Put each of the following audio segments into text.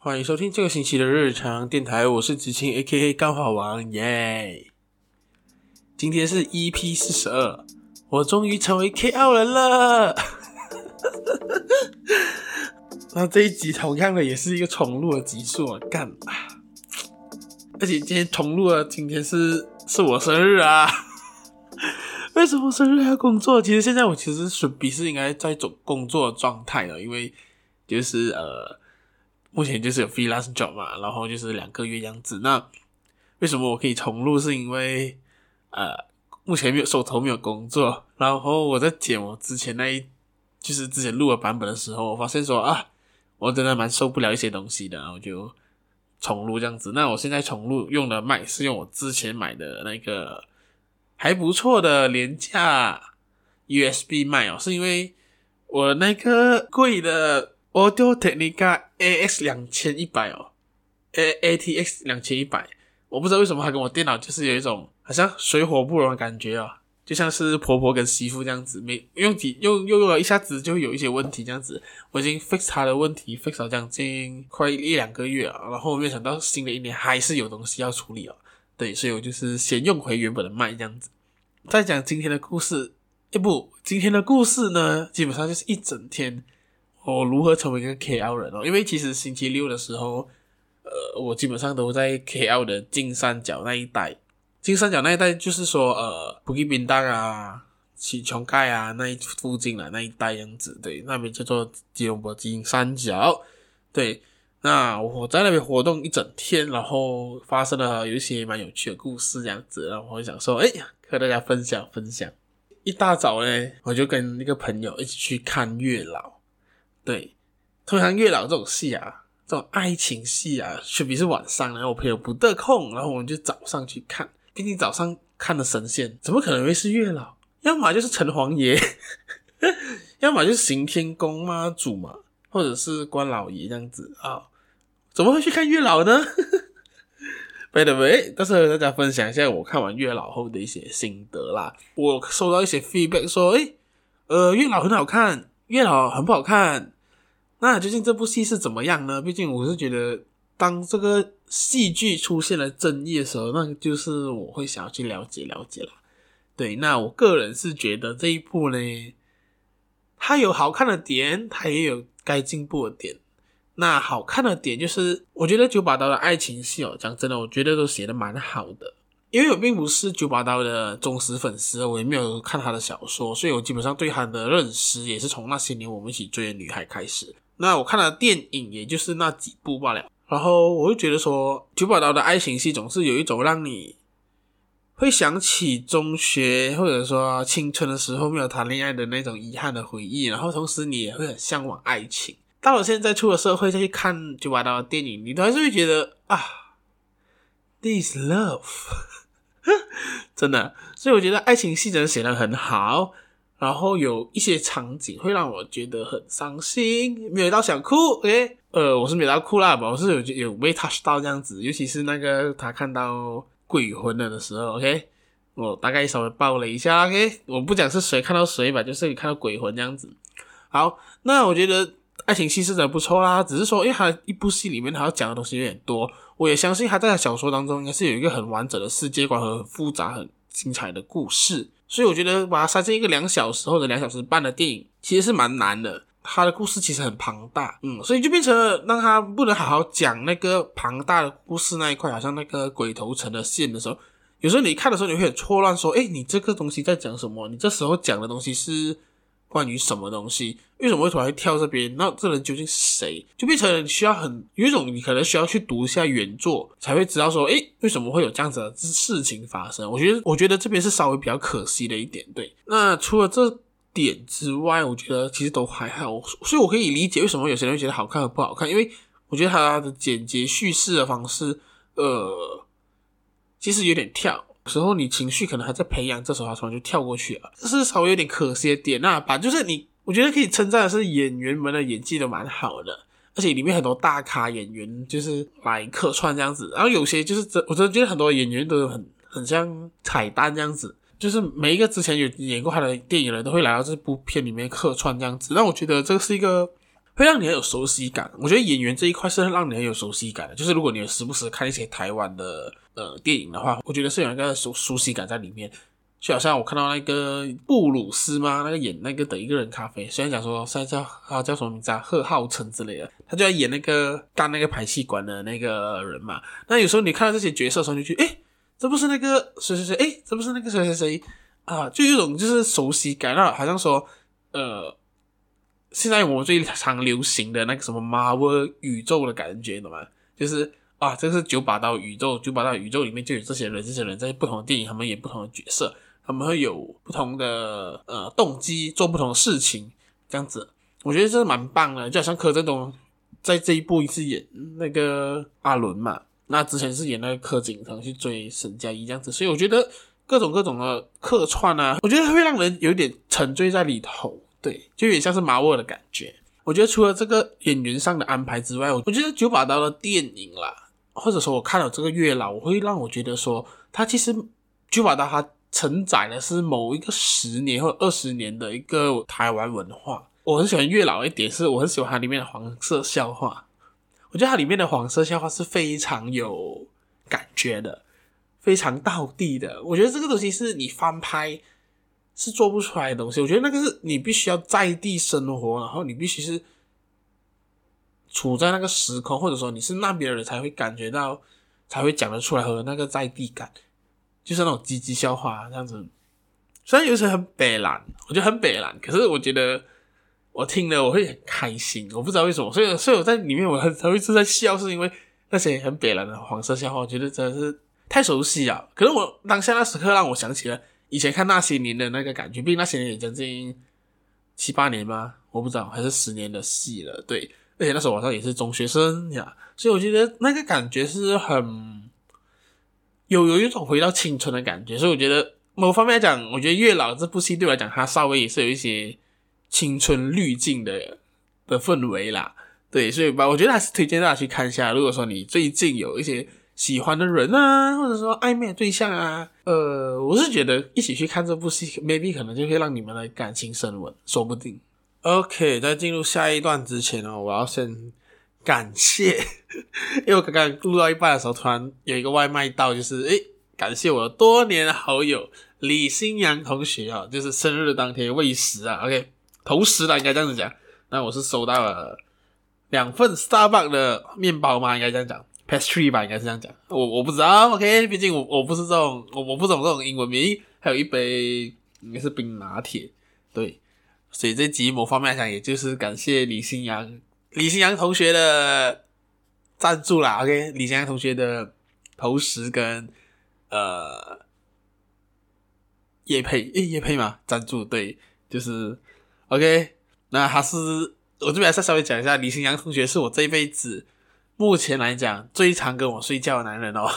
歡迎收聽這個星期的日常電台，我是梓勤 A K A 鋼化王耶。Yeah! 今天是 E P 四十二，我終於成為 K L 人了。那 這一集同樣的也是一個重錄的集數、啊，幹！而且今天重錄了，今天是是我生日啊。 為什麼生日還要工作？其實現在我其實是比是應該在一種工作狀態的狀態了，因為就是呃。目前就是有 freelance job 嘛，然後就是兩個月樣子。那為什麼我可以重錄？是因為呃，目前沒有手頭沒有工作，然後我在剪我之前那一就是之前錄的版本的時候，我發現說啊，我真的蠻受不了一些東西的，我就重錄這樣子。那我現在重錄用的麥是用我之前買的那個還不錯的廉價 USB 麥哦，是因為我那個貴的。Audio Technica AX 兩千一百哦，AATX 兩千一百，我不知道為什麼它跟我電腦就是有一種好像水火不容的感覺哦，就像是婆婆跟媳婦這樣子，沒用幾用用用了一下子就有一些問題這樣子，我已經 fix 它的問題 fix 了將近快一兩個月了，然後我沒想到新的一年還是有東西要處理哦。對，所以我就是先用回原本的麥這樣子，再講今天的故事，哎、欸、不，今天的故事呢，基本上就是一整天。我如何成為一個 K L 人哦？因為其實星期六的時候，呃，我基本上都在 K L 的金三角那一帶。金三角那一帶就是說，呃，武吉免登啊、啟強蓋啊那一附近了、啊、那一帶樣子。對，那邊叫做吉隆坡金三角。對，那我在那邊活動一整天，然後發生了有一些蠻有趣的故事這樣子。然後我想說，哎、欸，和大家分享分享。一大早呢，我就跟那個朋友一起去看月老。對，通常月老這種戲啊，這種愛情戲啊，特別是晚上，然後我朋友不得空，然後我們就早上去看。畢竟早上看的神仙，怎麼可能會是月老？要麼就是城隍爺， 要麼就是行天宮媽祖嘛，或者是關老爺這樣子啊，哦，怎麼會去看月老呢？By the way，到時候和大家分享一下我看完月老後的一些心得啦。我收到一些 feedback 說，哎，呃，月老很好看，月老很不好看。那究竟這部戲是怎麼樣呢？畢竟我是覺得，當這個戲劇出現了爭議的時候，那就是我會想要去了解了解啦。對，那我個人是覺得這一部呢，它有好看的點，它也有該進步的點。那好看的點就是，我覺得九把刀的愛情戲哦，講真的，我覺得都寫得蠻好的。因為我並不是九把刀的忠實粉絲，我也沒有看他的小說，所以我基本上對他的認識也是從那些年我們一起追的女孩開始。那我看的電影也就是那幾部罷了，然後我就覺得說，九把刀的愛情戲總是有一種讓你會想起中學或者說青春的時候沒有談戀愛的那種遺憾的回憶，然後同時你也會很向往愛情。到了現在出了社會再去看九把刀的電影，你都還是會覺得啊，This love， 真的，所以我覺得愛情戲真的寫得很好。然後有一些場景會讓我覺得很傷心，沒有到想哭。哎、okay？呃，我是沒有到哭啦吧，我是有有被 touch 到這樣子，尤其是那個他看到鬼魂了的時候。OK，我大概稍微抱了一下。OK，我不講是誰看到誰吧，就是看到鬼魂這樣子。好，那我覺得愛情戲是真的不錯啦，只是說，因為他一部戲裡面他要講的東西有點多。我也相信他在小說當中應該是有一個很完整的世界觀和很複雜、很精彩的故事。所以我覺得把它塞進一個兩小時或者兩小時半的電影，其實是蠻難的。他的故事其實很龐大，嗯，所以就變成了讓他不能好好講那個龐大的故事那一塊。好像那個鬼頭成的線的時候，有時候你看的時候你會很錯亂，說：“哎，你這個東西在講什麼？你這時候講的東西是。”關於什麼東西，為什麼會突然跳這邊？那這人究竟是誰？就變成你需要很有一種，你可能需要去讀一下原作才會知道說，哎，為什麼會有這樣子的事情發生？我覺得，我覺得這邊是稍微比較可惜的一點。對，那除了這點之外，我覺得其實都還好，所以我可以理解為什麼有些人會覺得好看和不好看，因為我覺得它的簡潔敘事的方式，呃，其實有點跳。時候你情緒可能還在培養，這時候他突然就跳過去了，這是稍微有點可惜的點啊。那把就是你，我覺得可以稱讚的是演員們的演技都蠻好的，而且裡面很多大咖演員就是來客串這樣子。然後有些就是這，我真的覺得很多演員都有很很像彩蛋這樣子，就是每一個之前有演過他的電影的人都會來到這部片裡面客串這樣子。那我覺得這是一個。會讓你很有熟悉感。我覺得演員這一塊是讓你很有熟悉感的。就是如果你有時不時看一些台灣的呃電影的話，我覺得是有一個熟熟悉感在裡面。就好像我看到那個布魯斯嘛，那個演那個等一個人咖啡，雖然講說現在叫他，啊，叫什麼名字啊，禾浩辰之類的，他就在演那個幹那個排氣管的那個人嘛。那有時候你看到這些角色的時候你，誒，這不是那個誰誰誰？誒，這不是那個誰誰誰啊？就有一種就是熟悉感，那好像說呃。現在我最常流行的那個什麼 Marvel 宇宙的感覺懂嗎？就是啊，這是九把刀宇宙，九把刀宇宙裡面就有這些人，這些人在不同的電影，他們演不同的角色，他們會有不同的呃動機，做不同的事情，這樣子，我覺得這是蠻棒的。就好像柯震東在這一部一次演那個阿倫嘛，那之前是演那個柯景騰去追沈佳宜這樣子，所以我覺得各種各種的客串啊，我覺得會讓人有點沉醉在裡頭。對，就有點像是 Marvel 的感覺。我覺得除了這個演員上的安排之外，我覺得九把刀的電影啦，或者說，我看了這個月老，我會讓我覺得說，它其實九把刀它承載的是某一個十年或二十年的一個台灣文化。我很喜歡月老一點，是我很喜歡它裡面的黃色笑話。我覺得它裡面的黃色笑話是非常有感覺的，非常道地的。我覺得這個東西是你翻拍。是做不出來的東西，我覺得那個是你必須要在地生活，然後你必須是處在那個時空，或者說你是那邊的人才會感覺到，才會講得出來和那個在地感，就是那種雞雞笑話這樣子。雖然有時候很北爛，我覺得很北爛，可是我覺得我聽了我會很開心，我不知道為什麼，所以所以我在裡面我很會一直在笑，是因為那些很北爛的黃色笑話，我覺得真的是太熟悉了。可是我當下那時刻讓我想起了。以前看那些年的那個感覺，畢竟那些年也將近七八年嗎？我不知道，還是十年的戲了。對，而且那時候好像也是中學生呀，所以我覺得那個感覺是很有有一種回到青春的感覺。所以我覺得某方面來講，我覺得《月老》這部戲對我來講，它稍微也是有一些青春濾鏡的的氛圍啦。對，所以吧，我覺得還是推薦大家去看一下。如果說你最近有一些。喜歡的人啊，或者說曖昧的對象啊，呃，我是覺得一起去看這部戲，maybe 可能就會讓你們的感情升溫，說不定。OK，在進入下一段之前哦，我要先感謝， 因為我剛剛錄到一半的時候，突然有一個外賣到，就是誒，感謝我的多年好友李新陽同學啊、哦，就是生日當天餵食啊，OK，同時呢，應該這樣子講，那我是收到了兩份 Starbucks 的面包嘛，應該這樣講。p a s t r e e 吧，應該是這樣講，我我不知道，OK，畢竟我我不是這種，我我不懂這種英文名，還有一杯應該是冰拿鐵，對，所以這集某方面來講，也就是感謝李新陽，李新陽同學的贊助啦，OK，李新陽同學的投食跟呃夜配，誒、欸，夜配嘛贊助，對，就是 OK，那他是還是我這邊再稍微講一下，李新陽同學是我這一輩子。目前來講，最常跟我睡覺的男人哦、喔，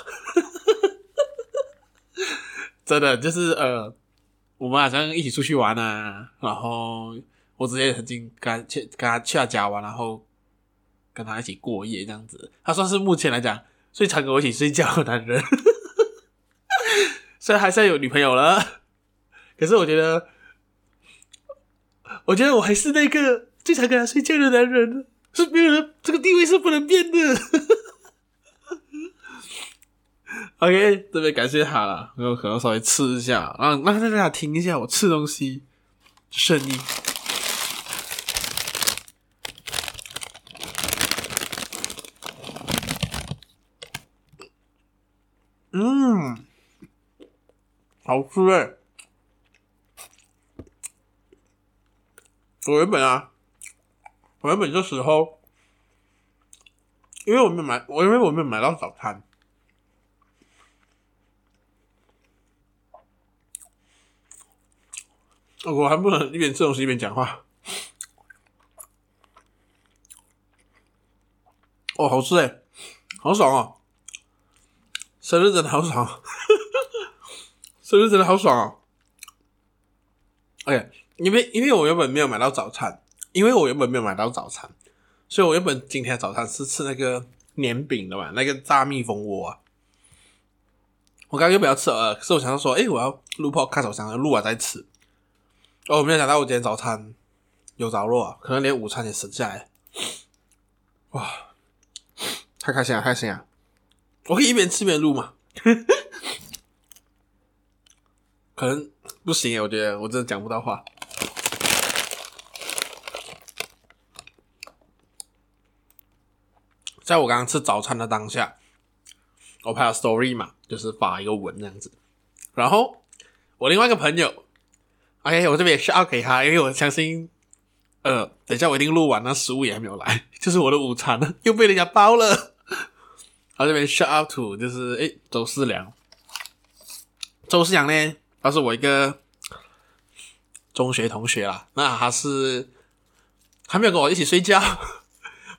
真的就是呃，我們好像一起出去玩啊，然後我之前曾經跟他去跟他去他家玩，然後跟他一起過夜這樣子，他、啊、算是目前來講最常跟我一起睡覺的男人。 雖然還是要有女朋友了，可是我覺得，我覺得我還是那個最常跟他睡覺的男人。是別人這個地位是不能變的。 OK，特別感謝他了，我有可能稍微吃一下。啊，讓讓大家聽一下我吃東西聲音。嗯，好吃哎、欸！我原本啊。我原本這時候，因為我沒有買，我因為我沒有買到早餐，我還不能一邊吃東西一邊講話。哦，好吃誒，好爽哦，喔！生日真的好爽， 生日真的好爽啊，喔！哎，欸，因為因為我原本沒有買到早餐。因為我原本沒有買到早餐，所以我原本今天早餐是吃那個年餅的嘛，那個炸蜜蜂窩。啊。我剛剛又不要吃啊，可是我想要說，哎，我要錄破看早餐，錄完、啊、再吃。哦，我沒有想到我今天早餐有着落，啊，可能連午餐也省下來。哇，太開心了，開心啊！我可以一邊吃一邊錄嘛？可能不行哎、欸，我覺得我真的講不到話。在我剛剛吃早餐的當下，我拍了 story 嘛，就是發一個文這樣子。然後我另外一個朋友，OK，我這邊也 shout out 給他，因為我相信，呃，等一下我一定錄完，那食物也還沒有來，就是我的午餐呢又被人家包了。他這邊 shout out to 就是，誒，周思良，周思良呢，他是我一個中學同學啦，那他是還沒有跟我一起睡覺。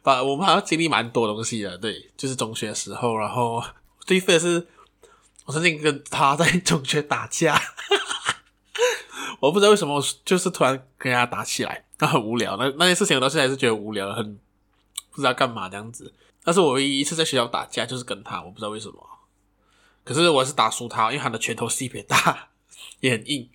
把、啊、我們好像經歷蠻多東西的，對，就是中學的時候，然後最一的是我曾經跟他在中學打架， 我不知道為什麼，我就是突然跟他打起來，他、啊、很無聊，那那些事情我到現在還是覺得無聊，很不知道幹嘛這樣子。但是我唯一一次在學校打架，就是跟他，我不知道為什麼，可是我是打輸他，因為他的拳頭特別大，也很硬。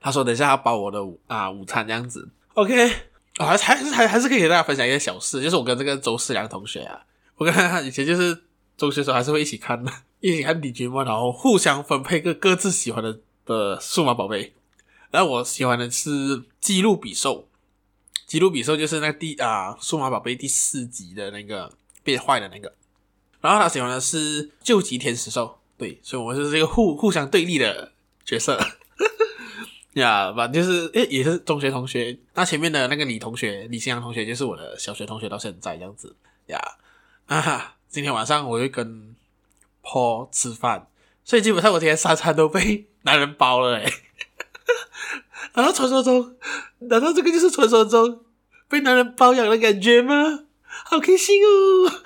他說等一下他要包我的啊午餐這樣子，OK。啊、哦，還是還是還還是可以給大家分享一個小事，就是我跟這個周思良同學啊，我跟他以前就是中學時候還是會一起看的，一起看《李君》嘛，然後互相分配個各自喜歡的的、呃、數碼寶貝，然後我喜歡的是基路比獸，基路比獸就是那第啊、呃、數碼寶貝第四集的那個變壞的那個，然後他喜歡的是救急天使獸，對，所以我們就是這個互互相對立的角色。呀，反正就是、欸，也是中學同學。那前面的那個女同學李新陽同學，同學就是我的小學同學到現在這樣子。呀、yeah.，啊，今天晚上我就跟 Paul 吃飯，所以基本上我今天三餐都被男人包了嘞、欸。難道傳說中，難道這個就是傳說中被男人包養的感覺嗎？好開心哦！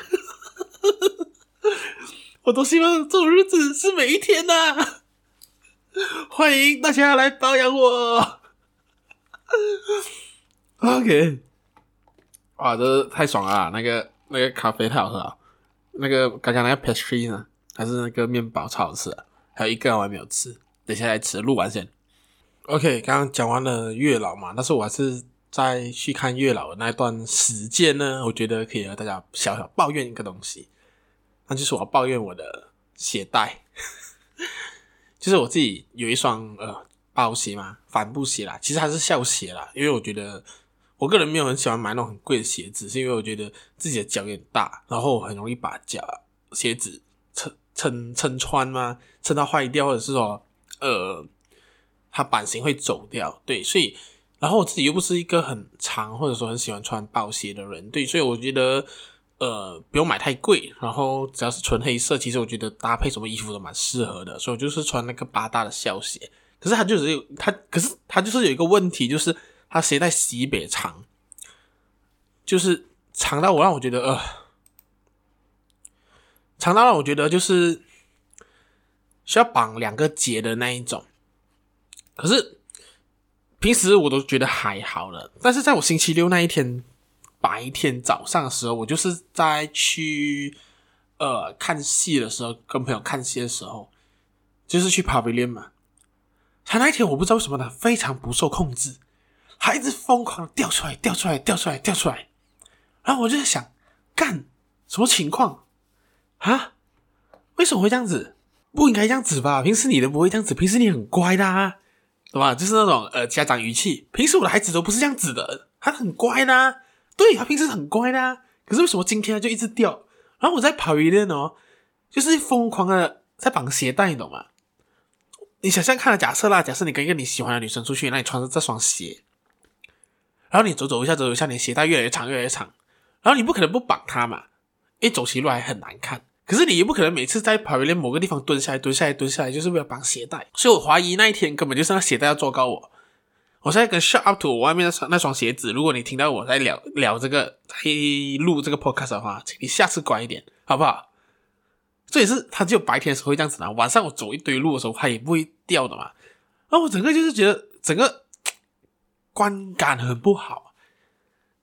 我都希望這種日子是每一天吶、啊。歡迎大家來包養我 okay。OK，哇，這太爽了、啊！那個那個咖啡太好喝了，那個剛剛那個 pastry 呢，還是那個麵包超好吃啊！還有一個我還沒有吃，等一下來吃，錄完先。OK，剛剛講完了月老嘛，但是我還是在去看月老的那一段時間呢。我覺得可以和大家小小抱怨一個東西，那就是我要抱怨我的鞋帶。 就是我自己有一雙呃包鞋嘛，帆布鞋啦，其實還是校鞋啦。因為我覺得我個人沒有很喜歡買那種很貴的鞋子，是因為我覺得自己的腳有點大，然後很容易把腳鞋子撐撐撐穿嘛，撐到壞掉，或者是說呃它版型會走掉。對，所以然後我自己又不是一個很長或者說很喜歡穿包鞋的人，對，所以我覺得。呃，不用買太貴，然後只要是純黑色，其實我覺得搭配什麼衣服都蠻適合的，所以我就是穿那個八大的校鞋。可是它就是有它，可是它就是有一個問題，就是它鞋帶西北長，就是長到我讓我覺得，呃，長到讓我覺得就是需要綁兩個結的那一種。可是平時我都覺得還好了，但是在我星期六那一天。白天早上的時候，我就是在去呃看戲的時候，跟朋友看戲的時候，就是去 Pavilion 嘛。他那天，我不知道為什麼呢，非常不受控制，他一直瘋狂的掉出來，掉出來，掉出來，掉出來。然後我就在想，幹什麼情況啊？為什麼會這樣子？不應該這樣子吧？平時你都不會這樣子，平時你很乖的、啊，對吧？就是那種呃家長語氣，平時我的孩子都不是這樣子的，他很乖呢、啊。對，他平時很乖的啊，可是為什麼今天它就一直掉？然後我在跑一練哦，就是瘋狂的在綁鞋帶，你懂嗎？你想象看，假設啦，假設你跟一個你喜歡的女生出去，那你穿着這雙鞋，然後你走走一下，走走一下，你鞋帶越來越長，越來越長，然後你不可能不綁它嘛，因為走起路來很難看。可是你也不可能每次在跑一練某個地方蹲下來，蹲下來，蹲下來，蹲下來，就是為了綁鞋帶。所以我懷疑那一天根本就是那鞋帶要做高我。我現在跟 shout out to 我外面那雙那雙鞋子，如果你聽到我在聊聊這個在錄這個 podcast 的話，請你下次乖一點，好不好？這也是他只有白天的時候會這樣子啊，晚上我走一堆路的時候，他也不會掉的嘛。然後我整個就是覺得整個觀感很不好，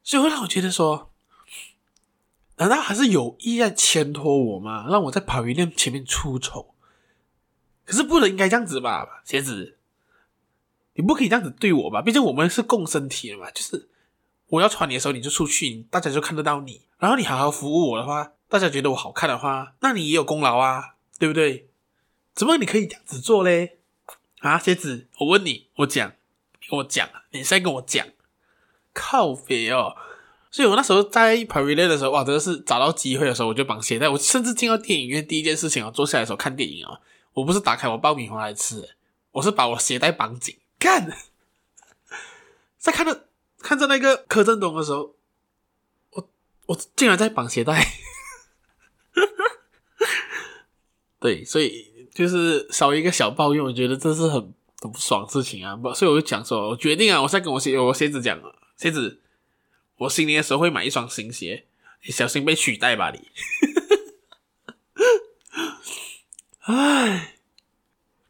所以會讓我覺得說，難道還是有意在牽拖我嗎？讓我在跑魚店前面出醜？可是不能應該這樣子吧，鞋子。你不可以這樣子對我吧？畢竟我們是共生體了嘛。就是我要穿你的時候，你就出去，大家就看得到你。然後你好好服務我的話，大家覺得我好看的話，那你也有功勞啊，對不對？怎麼你可以這樣子做嘞？啊，鞋子，我問你，我講，你跟我講，你現在跟我講，靠別哦！所以我那時候在 p a r e l 的時候，哇，真的是找到機會的時候，我就綁鞋帶。我甚至進到電影院第一件事情啊、哦，坐下來的時候看電影哦，我不是打開我爆米花來吃，我是把我鞋帶綁緊。看，在看到看着那個柯震東的時候，我我竟然在綁鞋帶， 對，所以就是少一個小抱怨，我覺得這是很很不爽事情啊，不所以我就講說，我決定啊，我在跟我鞋我鞋子講啊，鞋子，我新年的時候會買一雙新鞋，你小心被取代吧你，哎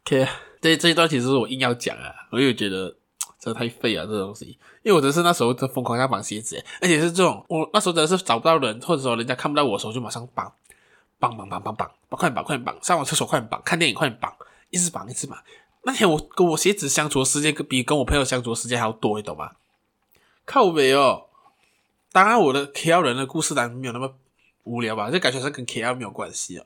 ，OK。對這一段，其實是我硬要講啊，因為我又覺得真的太廢啊，這東西，因為我只是那時候在瘋狂在綁鞋子，而且是這種，我那時候真的是找不到人，或者說人家看不到我的時候，就馬上綁，綁綁綁綁綁，快點綁，綁，快綁，綁，綁，綁，上完廁所快綁，綁，看電影快綁，綁，綁，一直綁一直綁。那天我跟我鞋子相處的時間，跟比跟我朋友相處的時間還要多，你懂嗎？靠北哦！當然我的 K L 人的故事還沒有那麼無聊吧，這感覺是跟 K L 沒有關係啊。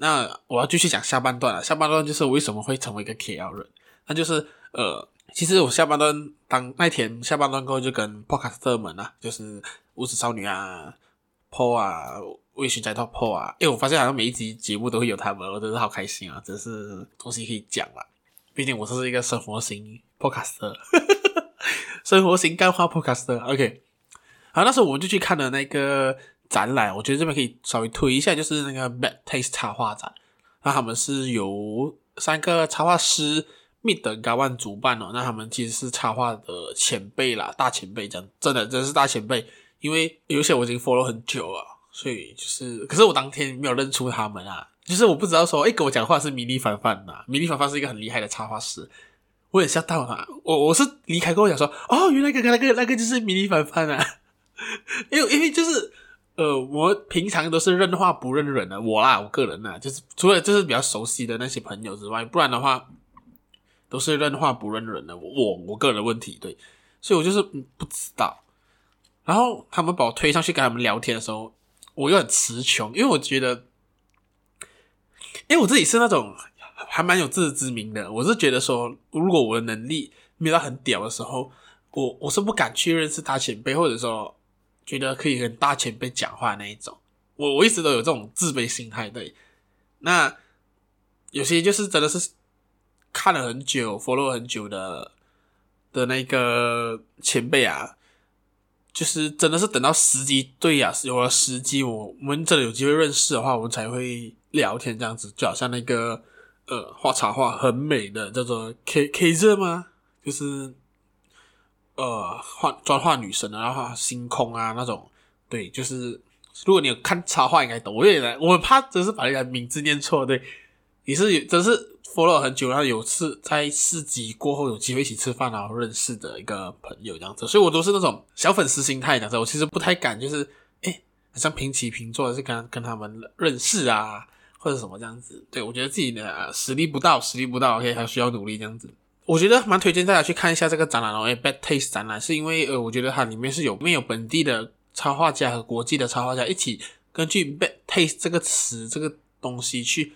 那我要繼續講下半段了。下半段就是為什麼會成為一個 KL 人？那就是呃，其實我下半段當那天下半段過後，就跟 podcaster 們啊，就是無十少女啊 p o 啊，微醺宅 talk p o 啊，因為我發現好像每一集節目都會有他們，我都是好開心啊，真是東西可以講了。畢竟我這是一個生活型 podcaster， 生活型乾貨 podcaster。OK，好，那時候我們就去看了那個。展覽，我覺得這邊可以稍微推一下，就是那個 Bad Taste 插畫展。那他們是由三個插畫師密 等加萬主辦哦。那他們其實是插畫的前輩啦，大前輩，真真的真是大前輩。因為有些我已經 follow 很久了，所以就是，可是我當天沒有認出他們啊，就是我不知道說，哎，跟我講話是迷莉凡凡啊。迷莉凡凡是一個很厲害的插畫師，我也嚇到啊。我我是離開跟我講說，哦，原來個那個那個那個就是迷莉凡凡啊，因為因為就是。呃，我平常都是認話不認人的我啦，我個人啦，就是除了就是比較熟悉的那些朋友之外，不然的話都是認話不認人的我，我個人的問題，對，所以我就是不知道。然後他們把我推上去跟他們聊天的時候，我又很詞窮，因為我覺得，因為、欸、我自己是那種還蠻有自知之明的，我是覺得說，如果我的能力沒有到很屌的時候，我我是不敢去認識他前輩或者說。覺得可以跟大前輩講話那一種，我我一直都有這種自卑心態。對，那有些就是真的是看了很久、 follow 很久的的那個前輩啊，就是真的是等到時機對呀、啊，有了時機我，我們真的有機會認識的話，我們才會聊天這樣子。就好像那個呃，畫插畫很美的叫做 K K 熱嗎？就是。呃，畫專畫女生的，然後星空啊那種，對，就是如果你有看插畫應該懂。我也來，我很怕真是把人家名字念錯，對，也是真是 follow 很久，然後有次在市集過後有機會一起吃飯，然後認識的一個朋友這樣子，所以我都是那種小粉絲心態這樣子。我其實不太敢，就是哎，欸，好像平起平坐，還是跟跟他們認識啊，或者什麼這樣子。對，我覺得自己的實力不到，實力不到，OK，還需要努力這樣子。我覺得蠻推薦大家去看一下這個展覽哦。哎，Bad Taste 展覽是因為，呃，我覺得它裡面是有沒有本地的插畫家和國際的插畫家一起根據 Bad Taste 這個詞這個東西去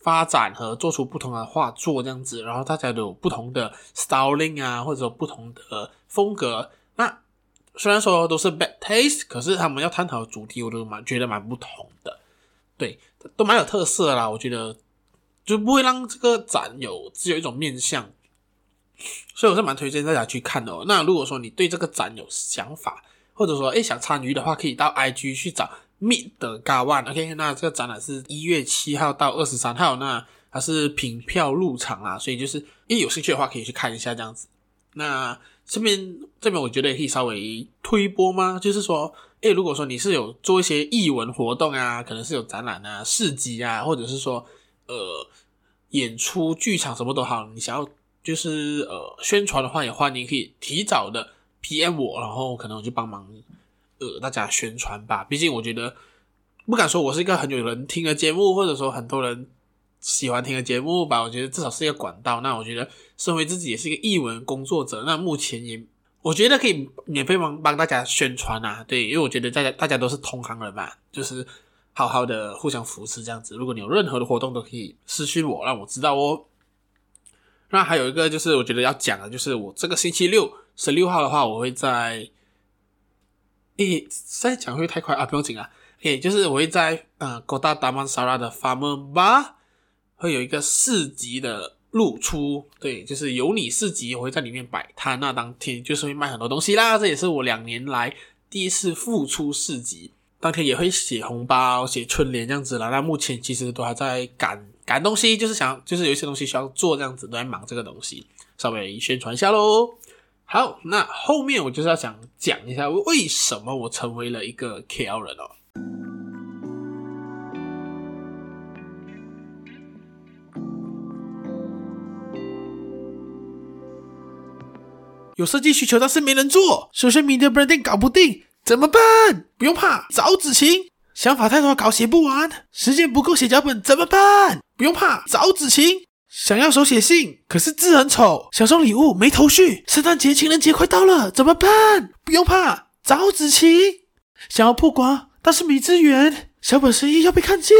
發展和做出不同的畫作，這樣子，然後大家都有不同的 styling 啊，或者有不同的、呃、風格。那雖然說都是 Bad Taste，可是他們要探討的主題我都蠻覺得蠻不同的，對，都蠻有特色的啦。我覺得就不會讓這個展有只有一種面向。所以我是蠻推薦大家去看的哦。那如果說你對這個展有想法，或者說誒想參與的話，可以到 IG 去找 Meet 的 Ga Wan。OK，那這個展覽是一月七號到二十三號，那它是憑票入場啦。所以就是，誒有興趣的話可以去看一下這樣子。那這邊這邊我覺得也可以稍微推播嗎？就是說，誒，如果說你是有做一些藝文活動啊，可能是有展覽啊、市集啊，或者是說呃演出、劇場什麼都好，你想要。就是呃，宣傳的話，也歡迎可以提早的 PM 我，然後可能我就幫忙呃大家宣傳吧。畢竟我覺得不敢說我是一個很有人聽的節目，或者說很多人喜歡聽的節目吧。我覺得至少是一個管道。那我覺得身為自己也是一個藝文工作者，那目前也我覺得可以免費幫幫大家宣傳吶。對，因為我覺得大家大家都是同行人嘛，就是好好的互相扶持這樣子。如果你有任何的活動，都可以私訊我，讓我知道哦。那還有一個就是，我覺得要講的，就是我這個星期六十六號的話，我會在，誒，再講會太快啊，不要緊啊，誒，就是我會在啊，Kota Damansara 的 Farmers Bar，會有一個市集的露出，對，就是有你市集，我會在裡面擺攤，那當天就是會賣很多東西啦，這也是我兩年來第一次復出市集，當天也會寫紅包、寫春聯這樣子啦，那目前其實都還在趕。趕東西就是想要，就是有一些東西需要做，這樣子都在忙這個東西，稍微宣傳一下嘍。好，那後面我就是要想講一下為什麼我成為了一個 K L 人哦。有設計需求，但是沒人做，首先 Minded Branding 搞不定，怎麼辦？不用怕，找梓勤。想法太多，稿寫不完，時間不夠寫腳本，怎麼辦？不用怕，找梓勤。想要手寫信，可是字很醜。想送禮物沒頭緒，聖誕節、情人節快到了，怎麼辦？不用怕，找梓勤。想要曝光，但是沒資源、小本生意要被看見，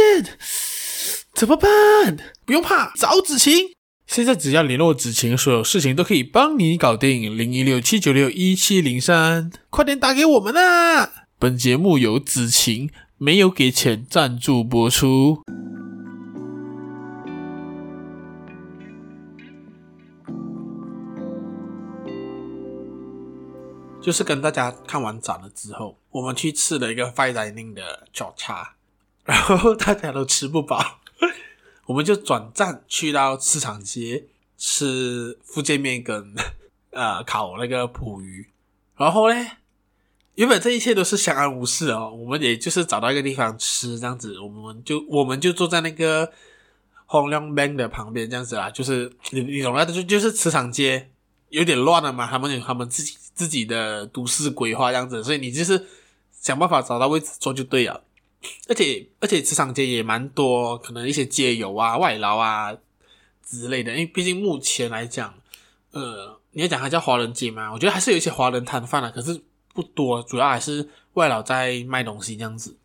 怎麼辦？不用怕，找梓勤。現在只要聯絡梓勤，所有事情都可以幫你搞定。零一六七九六一七零三，快點打給我們啊！本節目由梓勤沒有給錢贊助播出。就是跟大家看完展了之後，我們去吃了一個 fine dining 的早茶，然後大家都吃不飽， 我們就轉戰去到茨廠街吃福建麵跟呃烤那個蒲魚，然後嘞，原本這一切都是相安無事哦，我們也就是找到一個地方吃這樣子，我們就我們就坐在那個 Hong Leong Bank 的旁邊這樣子啦，就是你你懂啦，就是、就是茨廠街有點亂了嘛，他們有他，他們自己自己的都市規劃這樣子，所以你就是想辦法找到位置做就對了。而且而且，茨場街也蠻多，可能一些街友啊、外勞啊之類的。因為畢竟目前來講，呃，你要講它叫華人街嘛，我覺得還是有一些華人攤販了，可是不多，主要還是外勞在賣東西這樣子。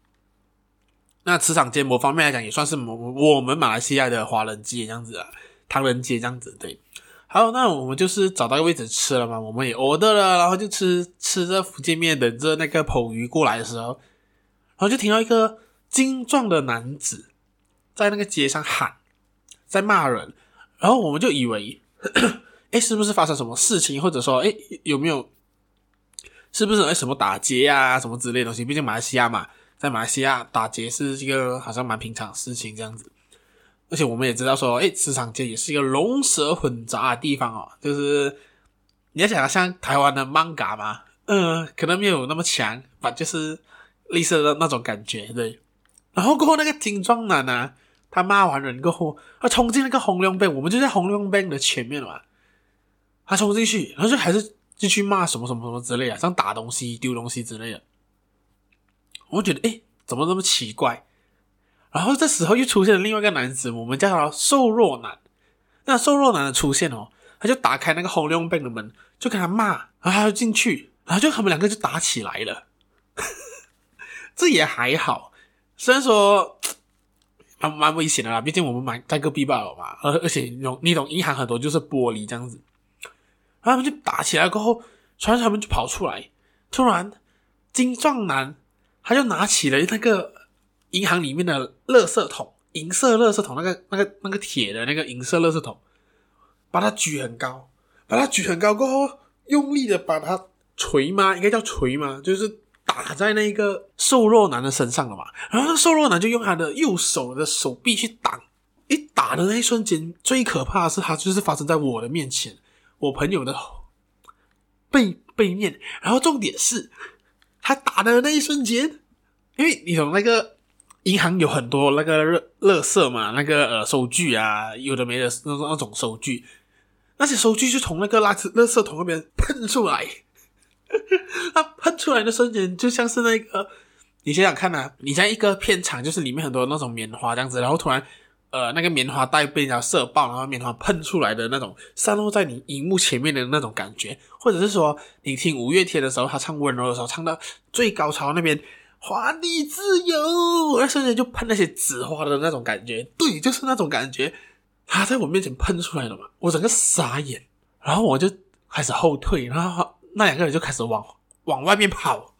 那茨場街某方面來講，也算是我我們馬來西亞的華人街這樣子啊，唐人街這樣子，對。好，那我們就是找到位置吃了嘛，我們也餓的了，然後就吃吃着福建麵，等着那個捧魚過來的時候，然後就聽到一個精壯的男子在那個街上喊，在罵人，然後我們就以為，哎，是不是發生什麼事情，或者說，哎，有沒有，是不是有什麼打劫啊，什麼之類的東西？畢竟馬來西亞嘛，在馬來西亞打劫是一個好像蠻平常的事情這樣子。而且我們也知道說，哎，茨場街也是一個龍蛇混雜的地方哦。就是你要講像台灣的 manga 嘛，嗯、呃，可能沒有那麼強吧，就是綠色的那種感覺，對。然後過後那個精裝男呢、啊，他罵完人過後，他衝進那個紅綠燈，我們就在紅綠燈的前面嘛，他衝進去，然後就還是繼續罵什麼什麼什麼之類的，像打東西、丟東西之類的。我覺得，哎，怎麼那麼奇怪？.然後這時候又出現了另外一個男子，我們叫他瘦弱男。那瘦弱男的出現哦，他就打開那個 Hong Leong Bank 的門，就跟他罵，然後他就進去，然後就他們兩個就打起來了。 這也還好，雖然說蠻蠻危險的啦，畢竟我們買那個 B 了嘛，而而且你懂，你懂，銀行很多就是玻璃這樣子。然後他們就打起來過後，穿他們就跑出來，突然精壯男他就拿起了那個。銀行裡面的垃圾桶，銀色垃圾桶，那個、那個、那個鐵的那個銀色垃圾桶，把它舉很高，把它舉很高，然後用力的把它錘嗎？應該叫錘嗎？就是打在那個瘦弱男的身上了嘛。然後那瘦弱男就用他的右手的手臂去擋，一打的那一瞬間，最可怕的是，他就是發生在我的面前，我朋友的背背面。然後重點是他打的那一瞬間，因為你從那個。銀行有很多那個垃圾嘛，那個呃收據啊，有的沒的那那種收據，那些收據就從那個垃圾桶那邊噴出來，呵呵，它噴出來的瞬間就像是那個，你想想看吶、啊，你像一個片場，就是裡面很多那種棉花這樣子，然後突然呃那個棉花袋被人家射爆，然後棉花噴出來的那種散落在你熒幕前面的那種感覺，或者是說你聽五月天的時候，他唱溫柔的時候，唱到最高潮那邊，華麗自由，那瞬間就噴那些紫花的那種感覺，對，就是那種感覺。他在我面前噴出來了嘛，我整個傻眼，然後我就開始後退，然後那兩個人就開始往往外面跑，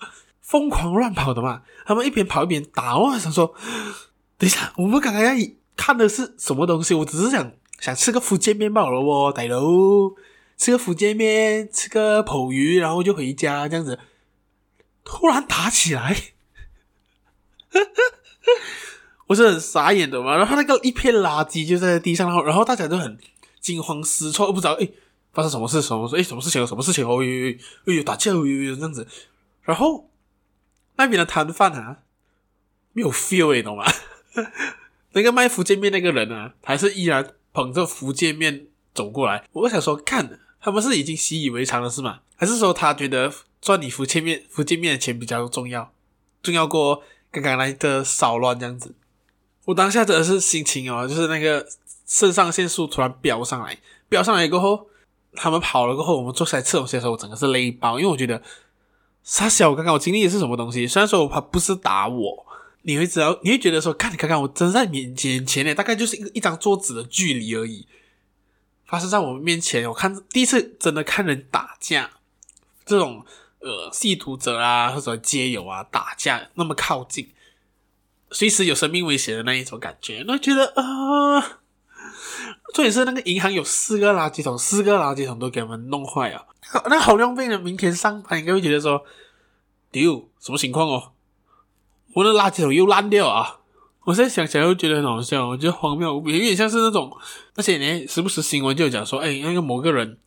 瘋狂亂跑的嘛。他們一邊跑一邊打，我想說，等一下，我們剛剛看的是什麼東西？我只是想想吃個福建面包了喔，歹佬，吃個福建麵，吃個捕魚，然後就回家這樣子。突然打起來。不是很傻眼的嘛？然後那個一片垃圾就在地上，然後然後大家都很驚慌失措，不知道哎發生什麼事？什麼說哎什麼事情？什麼事情？哦呦呦呦打架！哎呦這樣子，然後那邊的攤販啊沒有 feel，誒，懂嗎？ 那個賣福建麵那個人啊，還是依然捧着福建麵走過來。我想說，看他們是已經習以為常了是嗎？還是說他覺得賺你福建麵福建麵的錢比較重要，重要過剛剛來的騷亂這樣子？我當下真的是心情哦，就是那個腎上腺素突然飆上來，飆上來過後，他們跑了過後，我們坐下來吃東西的時候，我整個是淚包，因為我覺得，傻小，我剛剛我經歷的是什麼東西。雖然說我怕不是打我，你會知道，你會覺得說，看你剛剛，我真在眼前，前面大概就是一個一張桌子的距離而已，發生在我們面前。我看第一次真的看人打架，這種呃，吸毒者啊，或者街友啊打架那麼靠近。隨時有生命危險的那一種感覺，那覺得啊、呃，重點是那個銀行有四個垃圾桶，四個垃圾桶都給我們弄壞啊。那個那個、好靚妹的，明天上班應該會覺得說，丟什麼情況哦？我那垃圾桶又爛掉啊！我現在想起來又覺得很好笑，我覺得荒謬無比，有點像是那種那些人時不時新聞就有講說，哎，那個某個人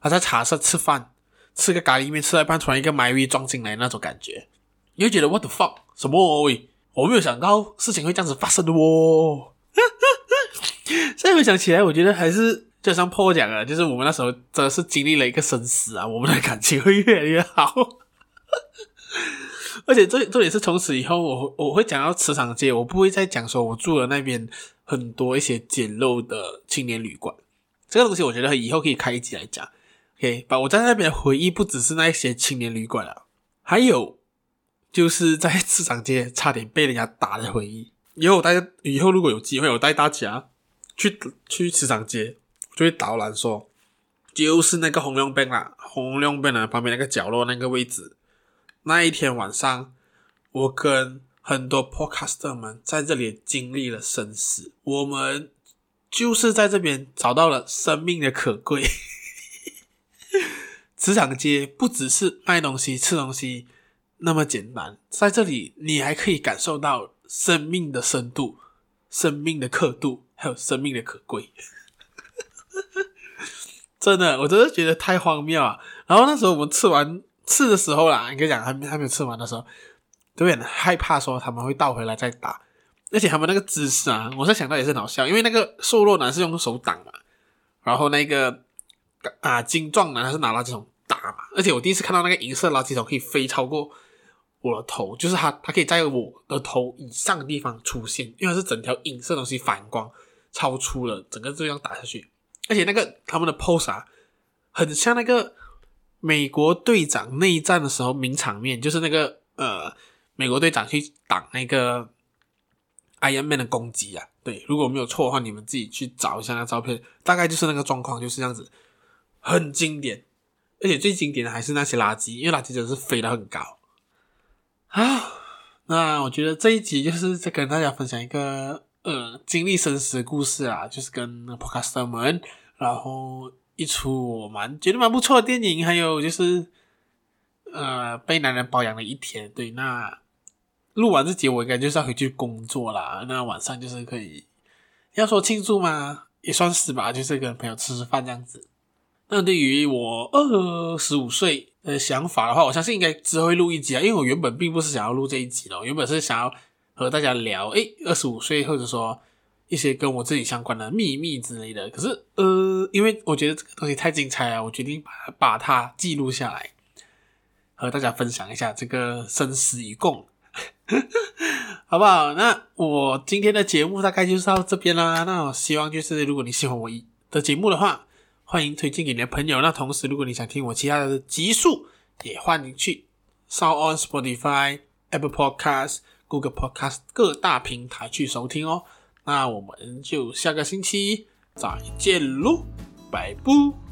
他在茶室吃飯，吃個咖喱麵，吃一半突然一個螞蟻撞進來那種感覺，你會覺得 What the fuck？什麼味、哦？」我沒有想到事情會這樣子發生的哦，現在回想起來，我覺得還是就像破講啊，就是我們那時候真的是經歷了一個生死啊，我們的感情會越來越好。 而且這這也是從此以後我，我我會講到茨場街，我不會再講說我住了那邊很多一些簡陋的青年旅館，這個東西我覺得以後可以開一集來講。OK，把我在那邊的回憶不只是那一些青年旅館啊，還有。就是在茨場街差點被人家打的回憶。以後我帶，以後如果有機會，我帶大家去去茨場街，我就會導覽說，就是那個 Hong Leong Bank 啦，Hong Leong Bank 呢旁邊那個角落那個位置。那一天晚上，我跟很多 podcaster 們在這裡經歷了生死，我們就是在這邊找到了生命的可貴。茨 場街不只是賣東西、吃東西。那麼簡單，在這裡你還可以感受到生命的深度、生命的刻度，還有生命的可貴。 真的，我真的覺得太荒謬啊。然後那時候我們吃完吃的時候啦、啊，你跟我講還沒還沒有吃完的時候，都很害怕，說他們會倒回來再打。而且他們那個姿勢啊，我在想到也是很好笑，因為那個瘦弱男是用手擋嘛，然後那個啊精壯男他是拿垃圾桶打嘛。而且我第一次看到那個銀色垃圾桶可以飛超過。我的頭就是它，它可以在我的頭以上的地方出現，因為是整條銀色東西反光，超出了整個就這樣打下去，而且那個他們的 pose 啊，很像那個美國隊長內戰的時候名場面，就是那個呃美國隊長去擋那個 Iron Man 的攻擊啊，對，如果沒有錯的話，你們自己去找一下那照片，大概就是那個狀況，就是這樣子，很經典，而且最經典的還是那些垃圾，因為垃圾真的是飛得很高。啊，那我覺得這一集就是在跟大家分享一個呃經歷生死的故事啊，就是跟 Podcaster 們，然後一出我蠻覺得蠻不錯的電影，還有就是呃被男人包養的一天。對，那錄完這集我應該就是要回去工作啦。那晚上就是可以要說慶祝嗎？也算是吧，就是跟朋友吃吃飯這樣子。那對於我二十五歲。呃，想法的話，我相信應該只會錄一集啊，因為我原本並不是想要錄這一集的，我原本是想要和大家聊，哎，二十五歲或者說一些跟我自己相關的秘密之類的。可是，呃，因為我覺得這個東西太精彩了，我決定把把它記錄下來，和大家分享一下，這個生死與共，呵呵，好不好？那我今天的節目大概就是到這邊啦，那我希望就是如果你喜歡我的節目的話。歡迎推薦給你的朋友。那同時，如果你想聽我其他的集數，也歡迎去 SoundOn Spotify、Apple Podcasts、Google Podcasts 各大平台去收聽哦。那我們就下個星期再見嘍，拜拜。